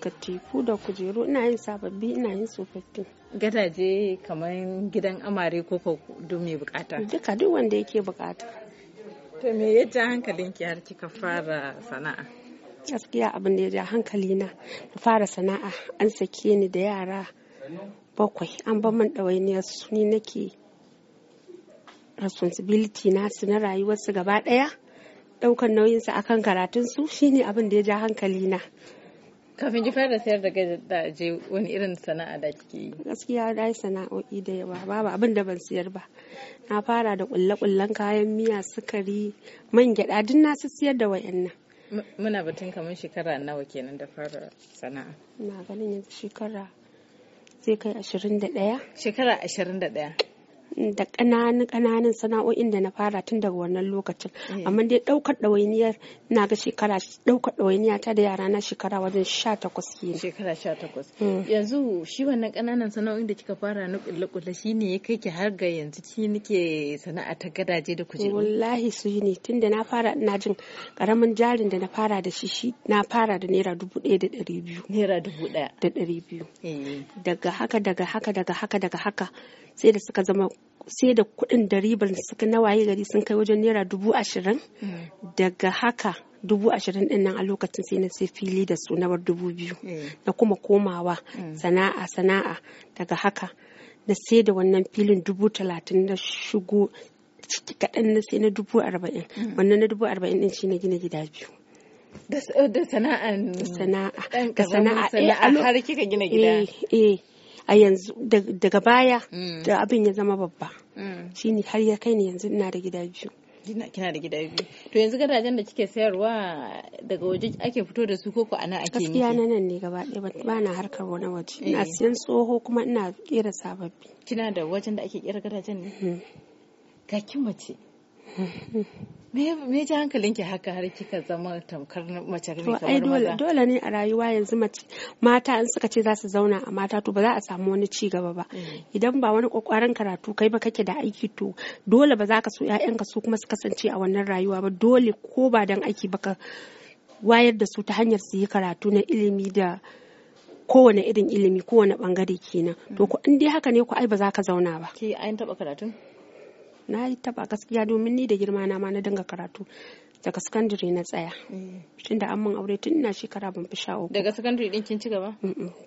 katifu da kujeru ina yin sababbi ina yin tsofaffi gadaje kamar gidan amare ko ka mai bukata duka duk wanda yake bukata to me ya ja hankalinki har kika fara sana'a gaskiya abin da ya ja hankali na fara sana'a an sake ni da yara bakwai an ban man ɗawainiyar su ni nake responsibility su na rayuwarsu gaba ɗaya ɗaukar nauyinsu akan karatunsu shine abin da ya ja hankali na Kafin ki fara sayar da da je wani irin sana'a da kike yi? Gaskiya na yi sana'o'i da yawa babu abin da ban siyar ba. Na fara da kulle-kullen kayan miya, sukari, man gyada duk na siyar da wayannan. Muna batun kamar shekara nawa kenan da fara sana'a? Na ganin yanzu shekara zai kai ashirin da Shekara ashirin da da ƙananan ƙananan sana'o'in da na fara tun daga wannan lokacin eh. amma dai ɗaukar ɗawainiyar na ga shekara ɗaukar ɗawainiya ta da yara na shekara wajen sha takwas kenan shekara sha takwas hmm. yanzu shi wannan ƙananan sana'o'in da kika fara na kulle-kulle shi ne ya kai ki har ga yanzu ki nike sana'a ta gadaje da kujeru wallahi su ne tun da na fara ina jin ƙaramin jarin da na fara da shi shi na fara da naira dubu ɗaya da ɗari biyu naira dubu ɗaya da ɗari biyu eh. daga haka daga haka daga haka daga haka sai da suka zama sai da kuɗin da ribar suka na waye gari sun kai wajen naira dubu ashirin mm. daga haka dubu ashirin din nan a lokacin sai na sai fili da su na bar dubu biyu mm. na kuma komawa mm. sana'a sana'a daga haka na sai da wannan filin dubu talatin na shigo kaɗan na sai na dubu arba'in wannan na dubu arba'in din shi na gina gida biyu da sana'a da sana'a eh, har kika gina gida eh, eh. a yanzu daga baya mm. da abin ya zama babba mm. shine har ya kai ni yanzu ina da gida biyu kina da gida biyu to yanzu gadajen da kike sayarwa daga waje ake fito da su ko ko ana ake gaskiya na nan ne gaba ɗaya ba na harkar wani waje ina eh. siyan tsoho kuma ina kera sababbi kina da wajen da ake kera gadajen ne mm-hmm. ga kin mace mm-hmm. me ji ki haka har kika zama tamkar mace ne kamar maza dole ne a rayuwa yanzu mace mata in suka ce za su zauna a mata to ba za a samu wani ci gaba ba mm. idan ba wani kwakwaran karatu kai ba kake da aiki to dole ba za ka so ƴaƴanka su kuma su kasance a wannan rayuwa ba dole ko ba dan aiki ba ka wayar da su ta hanyar su yi karatu na ilimi da kowane irin ilimi kowane bangare kenan mm. to ku in dai haka ne ku ai ba za ka zauna ba ke an taba karatun na yi taba gaskiya domin ni da girma na ma na dinga karatu daga secondary na tsaya mm. tun da an mun aure tun ina shekara ban fi sha uku daga secondary din kin ci gaba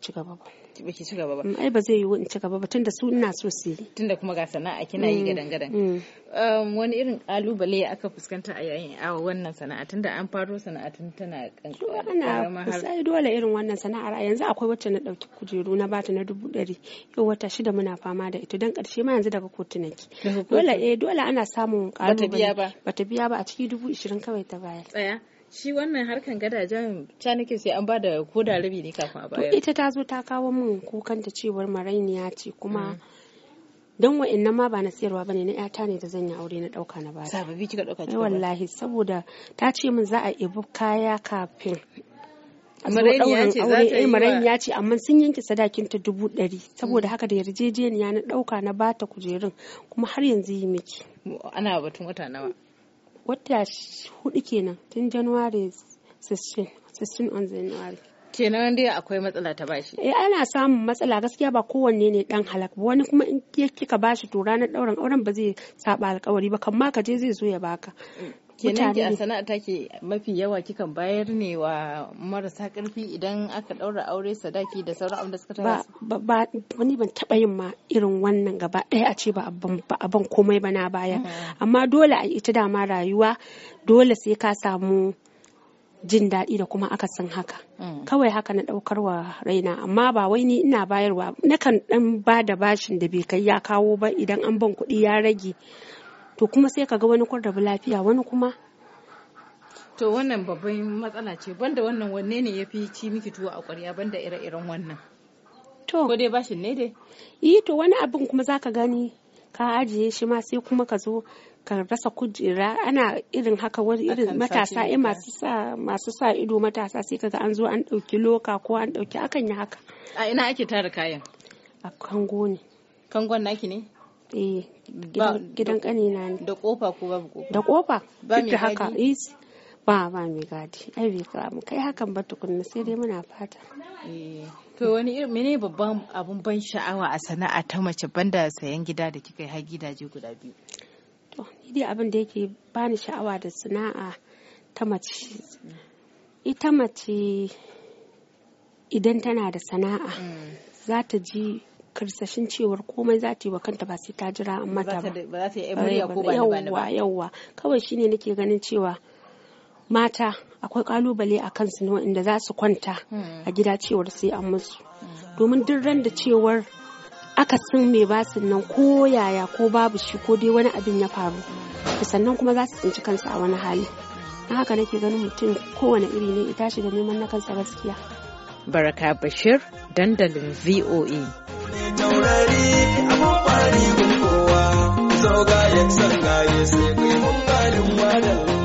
ci gaba ba ba ki ci gaba ba mm, ai ba zai yiwu in ci gaba ba tun da su ina so su yi tun da kuma ga sana'a kina yi mm, gadan gadan um, wani irin kalubale aka fuskanta a yayin a wannan sana'a tun da an faro sana'a tun tana kankana sai dole irin wannan sana'ar a yanzu akwai wacce na dauki kujeru na bata na dubu dari yau wata shida muna fama da ita don karshe ma yanzu daga kotu nake dole eh dole ana samun kalubale bata biya ba a cikin dubu ishirin kawai ta baya. tsaya shi wannan harkan gadajen ta nake sai an bada ko da rabi ne kafin a bayar ita ta zo ta kawo min kukan ta cewar marainiya ce kuma mm. don wa'annan ma ba na siyarwa bane na yata ne da zan yi aure na dauka na bada sababi kika dauka kika eh, wallahi saboda ta ce min za a ibu kaya kafin marainiya ce eh, marainiya ce amma sun yanke sadakin ta dubu ɗari saboda haka da yarjejeniya na ɗauka na bata kujerun kuma har yanzu yi miki ana batun wata nawa wata hudu kenan tun january 16 on january kenan dai akwai matsala ta bashi eh ana samun matsala gaskiya ba kowanne ne dan halak ba wani kuma in kika bashi to ranar dauran auren ba zai saba alkawari ba kamma ka je zai zo ya baka mm. kenan ki a sana'ata ke mafi yawa kikan bayar ne wa marasa karfi idan aka daura aure sadaki da sauran abin da suka tara ba ba wani ban taba yin ma irin wannan gaba daya a ce ba ban komai ba na baya mm. amma dole a ita dama rayuwa dole sai ka samu jin daɗi da kuma aka san haka mm. kawai haka na ɗaukar wa raina amma ba wai ni ina bayarwa nakan ɗan ba da bashin da bai kai ya kawo ba idan an ban kuɗi ya rage to kuma sai ka ga wani kun rabu lafiya wani kuma to wannan babban matsala ce banda wannan wanne ne ya fi ci miki tuwo a ƙwarya banda ire-iren wannan to ko dai bashin ne dai yi to wani abin kuma zaka gani ka ajiye shi ma sai kuma ka zo ka rasa kujera ana irin haka wani irin matasa eh masu sa masu sa ido matasa sai kaga an zo an dauki loka ko an dauki akan yi haka a ina ake tara kayan a kango ne kangon naki ne Eh, gidan gidan kanina ne da kofa ko babu kofa da kofa duk haka ba ba mai gadi ai bai kira mu kai hakan ba tukunna sai dai muna fata eh, to wani irin babban abun ban sha'awa a sana'a ta mace banda sayan gida da kika yi har gidaje guda biyu to ni dai abin da yake bani sha'awa da sana'a ta mace ita mace idan tana da sana'a mm. za ta ji karsashin cewar komai za ta yi wa kanta ba sai ta jira an mata ba yawwa yawwa kawai shine nake ganin cewa mata akwai kalubale a kansu na wa'inda za su kwanta a hmm. gida cewar sai an musu hmm. domin duk ran da cewar aka san mai basin nan ko yaya ko babu shi ko dai wani abin ya faru sannan kuma za su tsinci kansu a wani hali na haka nake ganin mutum kowane iri ne ya tashi da neman na kansa gaskiya baraka bashir dandalin voa e. taurari abun fari gun kowa zo ga yan sangaye sai kai mun galin wadalla